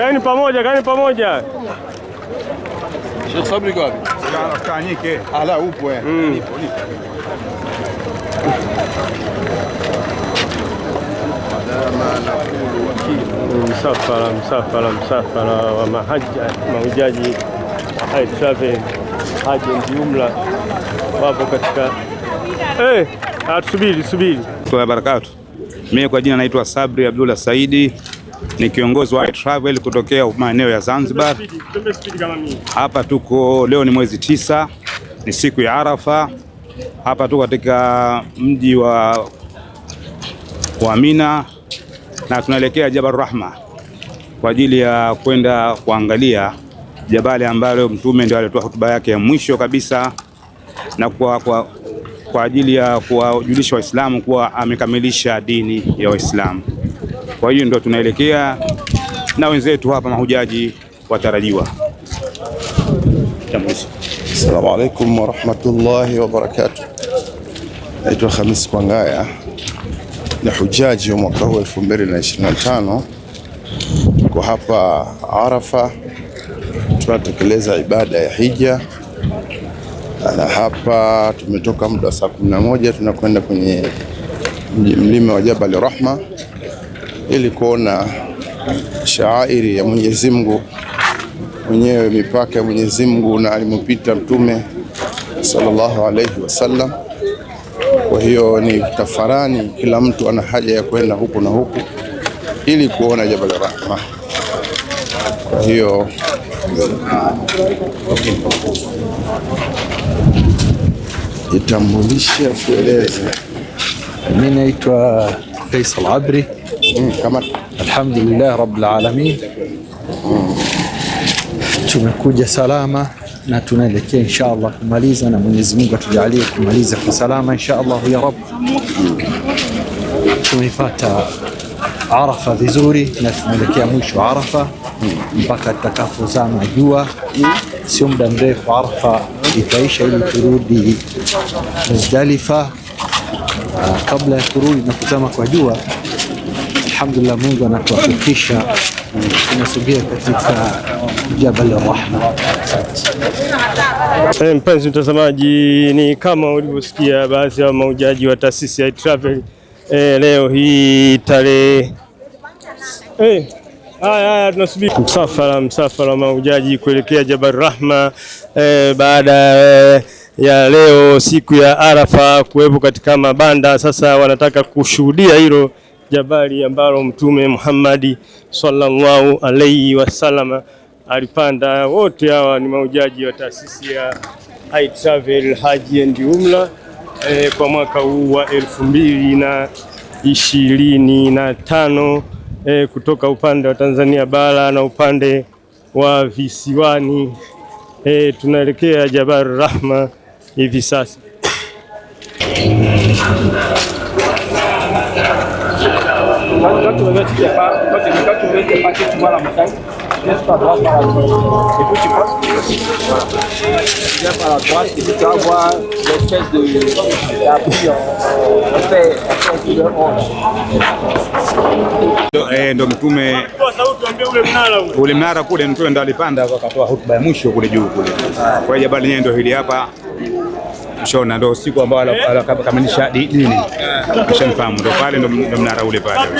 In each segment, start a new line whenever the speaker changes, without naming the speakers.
Kaeni pamoja, kaeni pamoja.
Sheikh Sabri kwa wapi?
Kaanike. Ala upo eh. Hmm. Nipo nipo.
Msafara msafara msafara wa mahaja, mahujaji Aid Travel Agent jumla wapo katika eh, atusubiri ah, subiri.
Kwa barakatu. Mimi kwa jina naitwa Sabri Abdullah Saidi ni kiongozi wa travel kutokea maeneo ya Zanzibar. Hapa tuko leo, ni mwezi tisa, ni siku ya Arafa. Hapa tuko katika mji wa, wa Mina na tunaelekea Jabal Rahma kwa ajili ya kwenda kuangalia jabali ambalo Mtume ndio alitoa hotuba yake ya mwisho kabisa na kwa, kwa, kwa ajili ya kuwajulisha Waislamu kuwa amekamilisha dini ya Waislamu. Kwa hiyo ndio tunaelekea na wenzetu hapa mahujaji watarajiwa.
Assalamu rahmatullahi warahmatullahi wabarakatuh. Naitwa Khamis Kwangaya ni hujaji wa mwaka huu 2025 kwa hapa Arafa tunatekeleza ibada ya hija na hapa tumetoka muda wa saa 11 tunakwenda kwenye mlima wa Jabal Rahma ili kuona shaairi ya Mwenyezi Mungu mwenyewe, mipaka ya Mwenyezi Mungu na alimpita Mtume sallallahu alaihi wasallam. Kwa hiyo ni tafarani, kila mtu ana haja ya kwenda huku na huku ili kuona Jabal Rahma. Kwa hiyo itambulishe, kueleze,
mimi naitwa Faisal Abri Mm, kama alhamdulillah rabbil alamin Tumekuja salama na tunaelekea insha Allah kumaliza, na Mwenyezi Mungu atujalie kumaliza kwa salama insha Allah ya Rabb. Tumeipata Arafa vizuri na tunaelekea mwisho Arafa mpaka tutakapozama jua, sio muda mrefu Arafa itaisha ili turudi Muzdalifa. Kabla ya kurudi na kuzama kwa jua Alhamdulillah, Mungu anatuafikisha, eh, tunasogea katika Jabal Rahma.
Hey, eh, mpenzi mtazamaji, ni kama ulivyosikia baadhi ya maujaji wa taasisi ya travel eh, leo hii tarehe hey. Eh, haya, haya tunasubiri msafara msafara wa maujaji kuelekea Jabal Rahma eh, baada eh, ya leo siku ya Arafa kuwepo katika mabanda. Sasa wanataka kushuhudia hilo jabali ambalo Mtume Muhammadi sallallahu alaihi wasalama alipanda. Wote hawa ni maujaji wa taasisi ya I Travel Haji and Umra e, kwa mwaka huu wa elfu mbili na ishirini na tano e, kutoka upande wa Tanzania bara na upande wa visiwani e, tunaelekea Jabal Rahma hivi sasa quand, tu reviens, tu t'es pas, quand tu, quand tu reviens, tu pas, tu vois la montagne, tu viens par la droite, la droite.
Et puis tu passes, voilà. Tu viens par la droite, et puis tu vas voir l'espèce de appui en, en fait, en fait, tu Eh, ndo mtume ule mnara kule, mtume ndo alipanda akatoa hutuba ya mwisho kule juu kule. Kwa hiyo jabali yenyewe ndo hili hapa Shona ndo siku ambao alakamilisha dini, ashanifahamu ndo pale ndo mnara ule pale.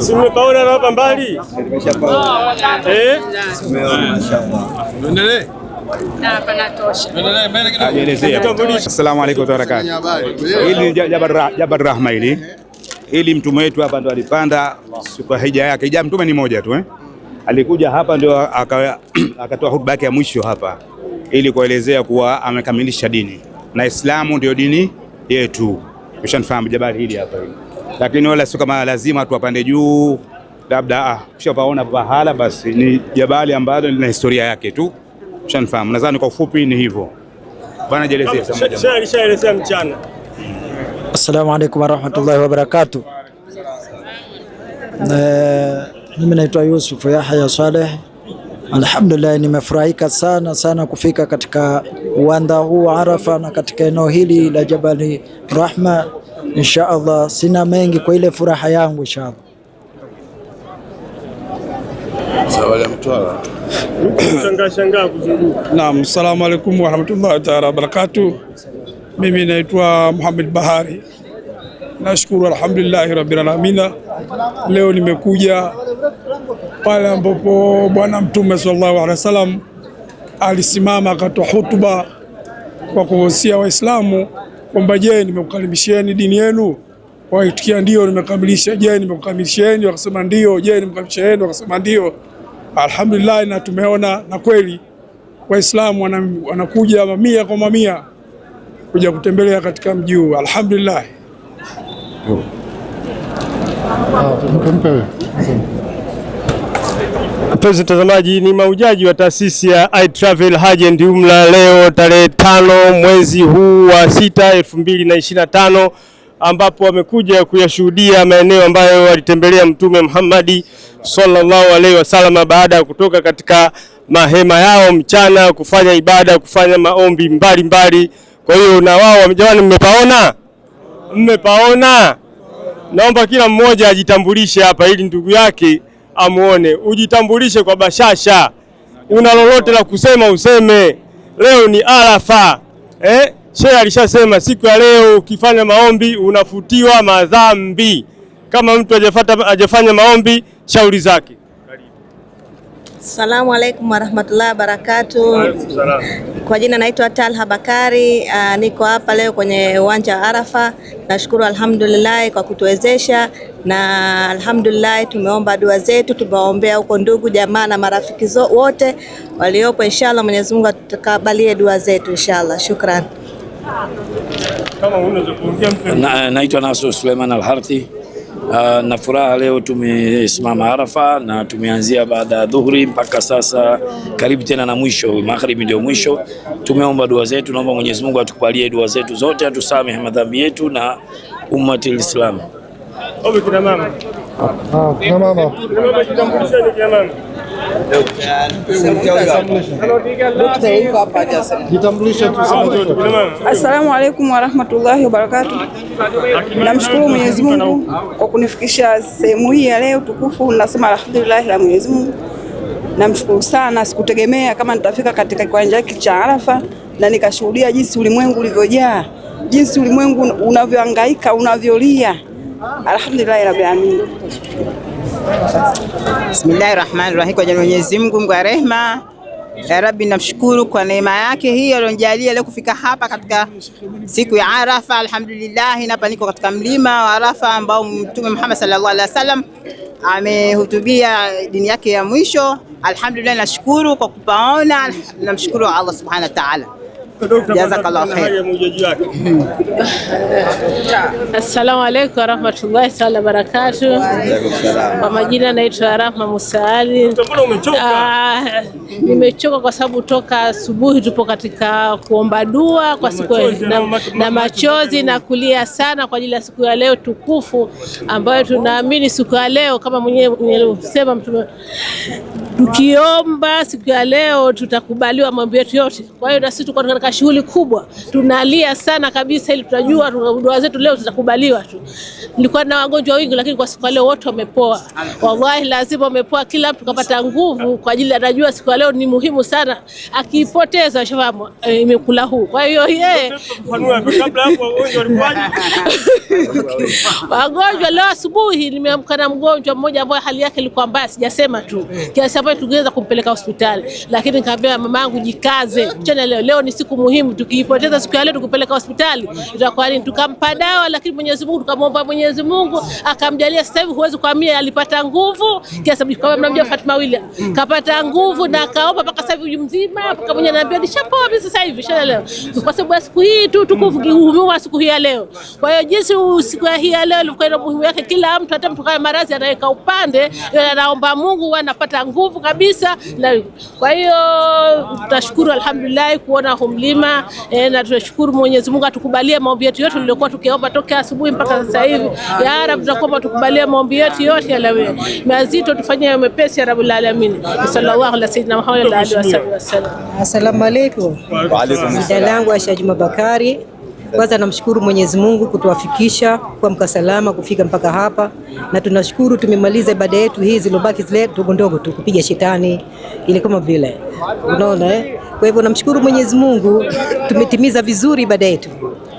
Si mmepaona eh? na hapa mbali? Eh? Assalamu alaykum wa barakatuh. Hili Jabal Rahma hili ili mtume wetu hapa ndo alipanda siku hija yake. Hija mtume ni moja tu eh? Alikuja hapa ndio akatoa hotuba yake ya mwisho hapa ili kuelezea kuwa amekamilisha dini na Islamu ndio dini yetu. Ushanifahamu jabali hili hapa hili. Lakini wala sio kama lazima tuwapande juu, labda ushapaona pahala, basi ni jabali ambalo lina historia yake tu. Ushanifahamu, nadhani kwa ufupi ni hivyo bwana. Jelezea, alishaelezea mchana
Assalamu alaikum warahmatullahi wabarakatuh. mimi naitwa Yusuf Yahya Saleh. Alhamdulillah, nimefurahika sana sana kufika katika uwanda huu wa Arafa na katika eneo hili la Jabali Rahma. Insha Allah sina mengi kwa ile furaha yangu insha Allah.
Naam, assalamu alaikum warahmatullahi wabarakatuh. Mimi naitwa Muhammad Bahari. Nashukuru alhamdulillahi rabbil alamin. Leo nimekuja pale ambapo Bwana Mtume sallallahu alaihi wasallam alisimama akatoa hutuba kwa kuhusia Waislamu kwamba je, nimekukaribisheni dini yenu? Waitikia ndio, nimekamilisha. Je, nimekukamilisheni? Wakasema ndio. Je, nimekamilisheni? Wakasema ndio. Alhamdulillah, na tumeona na kweli Waislamu wanakuja mamia kwa mamia kuja kutembelea katika mji huu alhamdulillah.
Mpenzi mtazamaji, ni maujaji wa taasisi ya I Travel Haj and Umrah leo tarehe tano mwezi huu wa sita elfu mbili na ishirini na tano ambapo wamekuja kuyashuhudia maeneo ambayo walitembelea Mtume Muhammad sallallahu alaihi wasallam baada ya kutoka katika mahema yao mchana kufanya ibada, kufanya maombi mbalimbali mbali. Kwa hiyo na wao jamani, mmepaona, mmepaona. Naomba kila mmoja ajitambulishe hapa ili ndugu yake amuone. Ujitambulishe kwa bashasha, una lolote la kusema useme. Leo ni Arafa eh? Shehe alishasema siku ya leo ukifanya maombi unafutiwa madhambi. Kama mtu hajafanya maombi, shauri zake.
Salamu alaikum warahmatullahi wabarakatu. Kwa jina naitwa Talha Bakari. Uh, niko hapa leo kwenye uwanja wa Arafa. Nashukuru alhamdulillah kwa kutuwezesha, na alhamdulillah tumeomba dua zetu, tumewaombea huko ndugu jamaa na marafiki wote waliopo. Inshallah Mwenyezi Mungu atutakabalie dua zetu inshallah. Shukran.
Naitwa Nasu Suleiman Alharthi Uh, na furaha leo tumesimama Arafa na tumeanzia baada ya dhuhuri mpaka sasa karibu tena na mwisho, magharibi ndio mwisho. Tumeomba dua zetu, naomba Mwenyezi Mungu atukubalie dua zetu zote, atusamehe madhambi yetu na ummati Islam. Ah, kina mama. Kina mama.
Assalamu alaikum warahmatullahi wabarakatuh. Namshukuru Mwenyezi Mungu kwa kunifikisha sehemu hii ya leo tukufu. Nasema alhamdulillah la Mwenyezi Mungu, namshukuru sana. Sikutegemea kama nitafika katika kiwanja hiki cha Arafa na nikashuhudia jinsi ulimwengu ulivyojaa, jinsi ulimwengu unavyohangaika, unavyolia. Alhamdulillah rabbil alamin.
Bismillahi rahmani rahim. Kwa jina la Mwenyezi Mungu Mungu wa rehema, ya Rabbi, namshukuru kwa neema yake hii aliyonijalia leo kufika hapa katika siku ya Arafa. Alhamdulillah, hapa niko katika mlima wa Arafa ambao Mtume Muhammad sallallahu alaihi wasallam amehutubia dini yake ya mwisho. Alhamdulillah, nashukuru kwa kupaona, namshukuru Allah subhanahu wa ta'ala.
Assalamu alaikum warahmatullahi taala barakatuh. Kwa majina naitwa Rahma Musaali. Ah, nimechoka kwa sababu toka asubuhi tupo katika kuomba dua kwa siku na, na machozi na kulia sana kwa ajili ya siku ya leo tukufu ambayo tunaamini siku ya leo kama mwenyewe sema mtume tukiomba siku ya leo tutakubaliwa mambo yetu yote. Kwa hiyo na sisi tuko katika tunataka shughuli kubwa, tunalia sana kabisa, ili tunajua dua zetu leo zitakubaliwa tu. Nilikuwa na wagonjwa wengi, lakini kwa siku ya leo wote wamepoa, wallahi lazima wamepoa, kila mtu kapata nguvu, kwa ajili anajua siku ya leo ni muhimu sana, akiipoteza shafamu eh, imekula huu. Kwa hiyo yeye wagonjwa leo asubuhi nimeamka na mgonjwa mmoja ambaye hali yake ilikuwa mbaya, sijasema tu kiasi ambayo tungeweza kumpeleka hospitali, lakini nikamwambia mamangu, jikaze chana leo, leo ni siku muhimu. Tukiipoteza siku ya leo, tukupeleka hospitali itakuwa nini? Tukampa dawa, lakini Mwenyezi Mungu tukamwomba Mwenyezi Mungu akamjalia. Sasa hivi huwezi kuamini, alipata nguvu kiasi kama mnamjua Fatma Willa kapata nguvu na akaomba mpaka sasa hivi mzima, mpaka mwenye anaambia nishapoa mimi sasa hivi leo, kwa sababu ya siku hii tu tukuhumiwa siku hii ya leo. Kwa hiyo jinsi siku ya hii ya leo ilikuwa ina muhimu yake, kila mtu hata mtu kama maradhi anaweka upande, anaomba Mungu anapata nguvu kabisa. Kwa hiyo tutashukuru alhamdulillah kuona homli nzima e, eh, na tunashukuru Mwenyezi Mungu atukubalie maombi yetu yote tuliyokuwa tukiomba toke asubuhi mpaka sasa hivi. Ya Rabb, tunakuomba tukubalie maombi yetu yote wewe. mazito, tufanyie mepesi ya Rabbul Alamin. Sallallahu ala sayyidina Muhammad wa alihi wasallam.
Asalamu alaykum. Wa alaykum assalam. Jina langu Ashaji Mabakari. Kwanza namshukuru Mwenyezi Mungu kutuwafikisha kwa mka salama kufika mpaka hapa, na tunashukuru tumemaliza ibada yetu hii zilobaki zile ndogo ndogo tu kupiga shetani ile kama vile unaona eh kwa hivyo namshukuru Mwenyezi Mungu tumetimiza vizuri ibada yetu,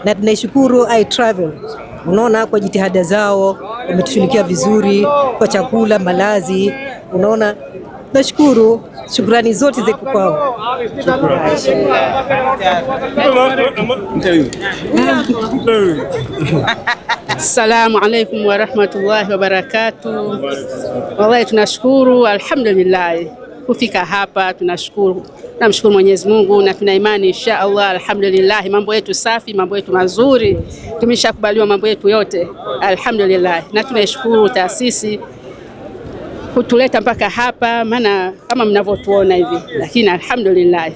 na tunaishukuru I Travel, unaona kwa jitihada zao wametushughulikia vizuri kwa chakula, malazi, unaona Nashukuru, shukrani zote ziko kwao.
Assalamu alaikum warahmatullahi wabarakatuh. Wallahi tunashukuru, alhamdulillah kufika hapa tunashukuru. Namshukuru Mwenyezi Mungu na tuna imani insha Allah, alhamdulillah, mambo yetu safi, mambo yetu mazuri, tumeshakubaliwa mambo yetu yote, alhamdulillah, na tunaishukuru taasisi kutuleta mpaka hapa, maana kama mnavyotuona hivi, lakini alhamdulillah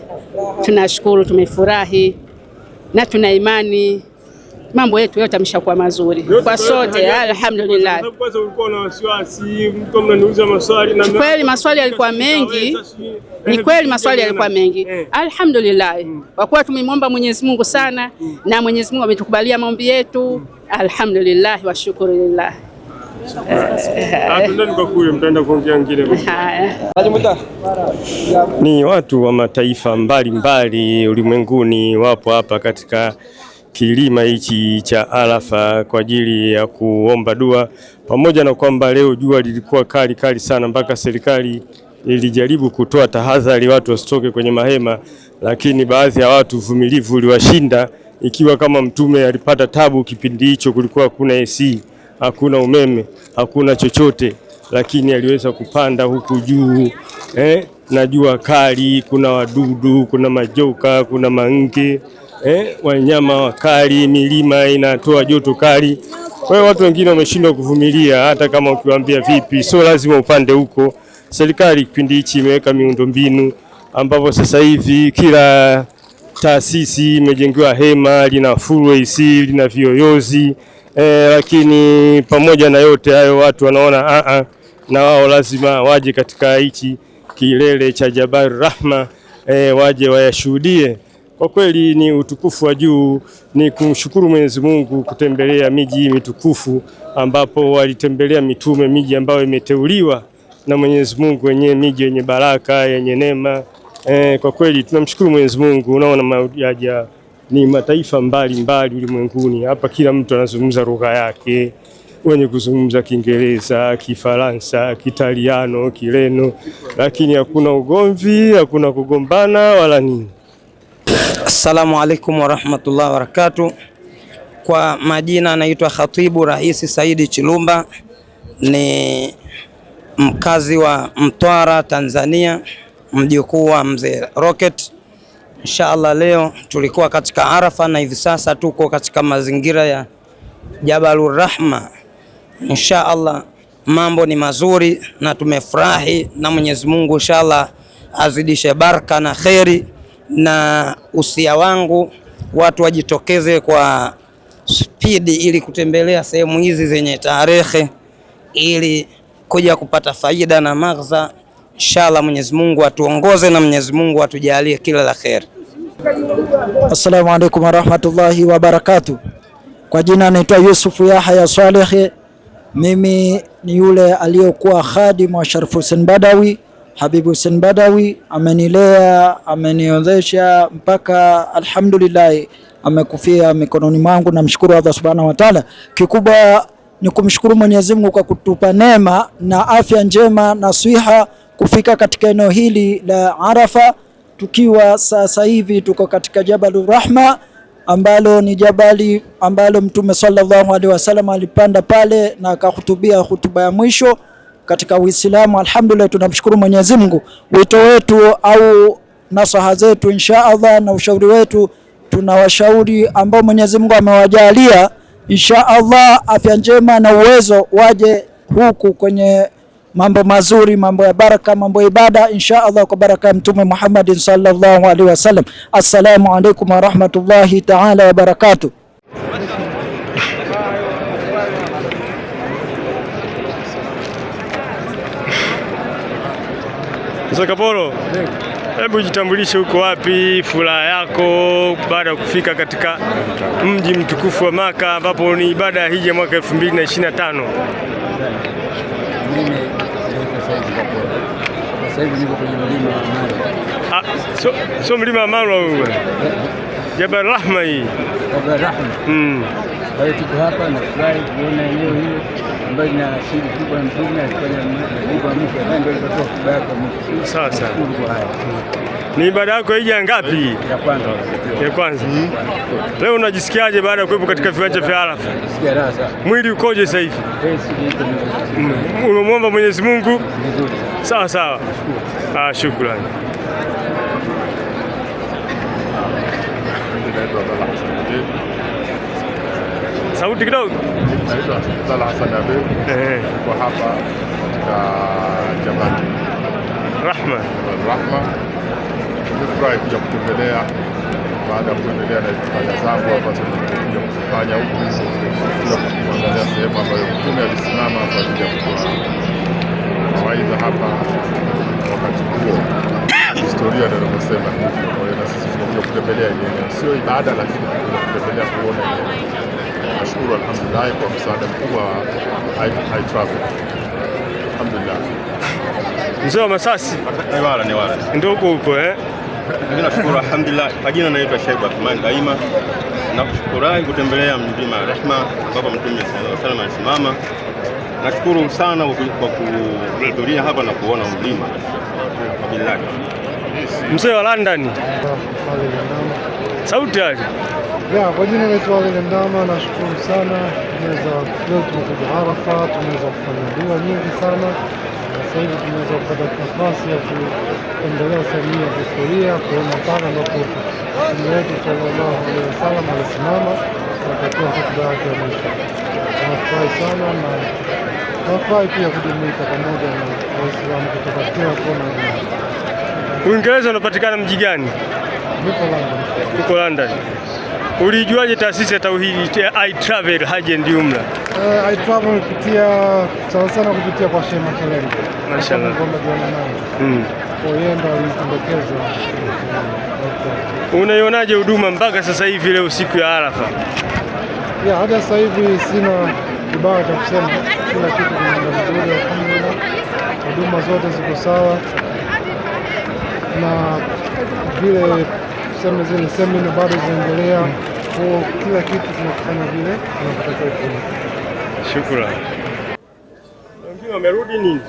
tunashukuru, tumefurahi na tuna imani mambo yetu yote yameshakuwa mazuri kwa sote, alhamdulillah. Kweli maswali yalikuwa mengi, ni kweli maswali yalikuwa mengi, eh. eh. mm. alhamdulillah, mm. kwa kuwa tumemwomba Mwenyezi Mungu sana mm. na Mwenyezi Mungu ametukubalia maombi yetu, alhamdulillah wa shukrulillah. Ah,
ni watu wa mataifa mbalimbali ulimwenguni wapo hapa katika kilima hichi cha Arafa kwa ajili ya kuomba dua, pamoja na kwamba leo jua lilikuwa kali kali sana mpaka serikali ilijaribu kutoa tahadhari watu wasitoke kwenye mahema, lakini baadhi ya watu uvumilivu uliwashinda. Ikiwa kama Mtume alipata tabu kipindi hicho, kulikuwa hakuna AC, hakuna umeme, hakuna chochote, lakini aliweza kupanda huku juu eh, na jua kali, kuna wadudu, kuna majoka, kuna mange eh, wanyama wakali, milima inatoa joto kali. Kwa hiyo watu wengine wameshindwa kuvumilia, hata kama ukiwaambia vipi, sio lazima upande huko. Serikali kipindi hichi imeweka miundombinu ambapo sasa hivi kila taasisi imejengewa hema, lina full AC, lina viyoyozi eh, lakini pamoja na yote hayo watu wanaona a ah, a ah, na wao lazima waje katika hichi kilele cha Jabal Rahma eh, waje wayashuhudie. Kwa kweli ni utukufu wa juu, ni kumshukuru Mwenyezi Mungu kutembelea miji hii mitukufu ambapo walitembelea mitume, miji ambayo imeteuliwa na Mwenyezi Mungu wenyewe, miji yenye baraka, yenye neema. E, kwa kweli tunamshukuru Mwenyezi Mungu. Unaona maujaja ni mataifa mbalimbali ulimwenguni, hapa kila mtu anazungumza lugha yake, wenye kuzungumza Kiingereza, Kifaransa, Kitaliano, Kireno, lakini hakuna ugomvi, hakuna kugombana wala nini.
Assalamu alaikum warahmatullahi wabarakatuh. Kwa majina anaitwa Khatibu rahisi Saidi Chilumba, ni mkazi wa Mtwara, Tanzania, mjukuu wa mzee Rocket. Inshallah, leo tulikuwa katika Arafa na hivi sasa tuko katika mazingira ya Jabalur Rahma. Inshallah, mambo ni mazuri na tumefurahi, na Mwenyezi Mungu inshallah azidishe baraka na kheri na usia wangu watu wajitokeze kwa spidi ili kutembelea sehemu hizi zenye tarehe ili kuja kupata faida na maghza. Inshallah, Mwenyezi Mungu atuongoze na Mwenyezi Mungu atujalie kila la kheri.
Assalamu alaikum warahmatullahi wabarakatu Kwa jina naitwa Yusufu Yahya Saleh. Mimi ni yule aliyokuwa khadim wa Sharif Hussein Badawi habibu Hussein Badawi amenilea, ameniozesha mpaka alhamdulillah amekufia mikononi mwangu. Namshukuru Allah subhanahu wa taala. Kikubwa ni kumshukuru Mwenyezi Mungu kwa kutupa neema na afya njema na swiha kufika katika eneo hili la Arafa, tukiwa sasa hivi tuko katika Jabalur Rahma ambalo ni jabali ambalo Mtume sallallahu alaihi wasallam alipanda pale na akahutubia hutuba ya mwisho katika Uislamu. Alhamdulillah, tunamshukuru Mwenyezi Mungu. Wito wetu au nasaha zetu insha Allah na ushauri wetu, tunawashauri ambao Mwenyezi Mungu amewajalia insha Allah afya njema na uwezo, waje huku kwenye mambo mazuri, mambo ya baraka, mambo ya ibada insha Allah kwa baraka ya Mtume Muhammad sallallahu alaihi wasallam. Assalamu alaikum warahmatullahi taala wabarakatuh.
Mzee hebu jitambulishe, uko wapi, furaha yako baada ya kufika katika mji mtukufu wa Maka ambapo ni ibada ya hija mwaka 2025? Ah, so, so mlima wa Marwa huyu eh, eh. Jabal Rahma hii.
Jabal Rahma. Mm. Kwa hiyo tuko hapa na furahi kuona eneo hili ambayo ina asili kubwa mtume alifanya. kwa ndio kibaya Sawa sawa.
ni ibada yako hija ya ngapi? Ya kwanza. Ya kwanza. Mm -hmm. Leo unajisikiaje baada ya kuwepo katika viwanja vya Arafa? raha sana. Mwili ukoje sasa hivi? Eh, hmm. Unamwomba Mwenyezi Mungu? Sawa sawa. Ah, shukrani sauti kidogo.
Naitwa Abdalla Hassan Abed. Eh, kwa hapa katika Jabhat Rahma Rahma. Nimefurahi kuja kutembelea baada ya kuendelea na ibada zangu ambazo nimekuja kufanya huku, kuangalia sehemu ambayo Mtume alisimama kwa ajili ya kutoa mawaidha hapa wakati huo historia ndio inasema hivyo. Kwa hiyo na sisi tunakuja kutembelea eneo, sio ibada, lakini tunakuja kutembelea kuona eneo Nashukuru alhamdulillah kwa msaada mkubwa wa travel. Alhamdulillah.
Mzee wa Masasi ni wala ni wala. Ndio huko huko eh?
Nashukuru alhamdulillah. Kwa jina naitwa Shaibu Abdulrahman Daima. Nakushukuru kutembelea mlima Rehma ambapo Mtume sallallahu alaihi wasallam alisimama. Nashukuru sana kwa kuhudhuria hapa na kuona mlima. Alhamdulillah.
Mzee wa London. Sauti yake.
Ya, kwa jina naitwa Ali Ndama, nashukuru sana. Leo tumekuja Arafa, tumeweza kufanya dua nyingi sana na sasa hivi tumeweza kupata nafasi ya kuendelea sanii ya historia, kuona pale ambapo Mtume wetu sallallahu alaihi wasallam alisimama wakatoa hotuba yake ya mwisho. Nafurahi sana na nafurahi pia kujumuika pamoja na Waislamu
Uingereza unapatikana mji gani? Niko London. Niko London. Ulijuaje taasisi ya Tauhidi I Travel Hajj and Uh,
I travel kupitia sana sana kupitia kwa Sheikh Makelenge. Mashaallah. Mm. Kwa yeye ndo
Unaionaje huduma mpaka sasa hivi leo siku ya Arafa?
Ya hata sasa hivi sina kibaya cha kusema, kila kitu kinaenda vizuri, Huduma zote ziko sawa na vile semina zile semina bado zinaendelea, kwa kila kitu tunakufanya vile tunavyotakiwa.
Shukrani. Wengine wamerudi nini?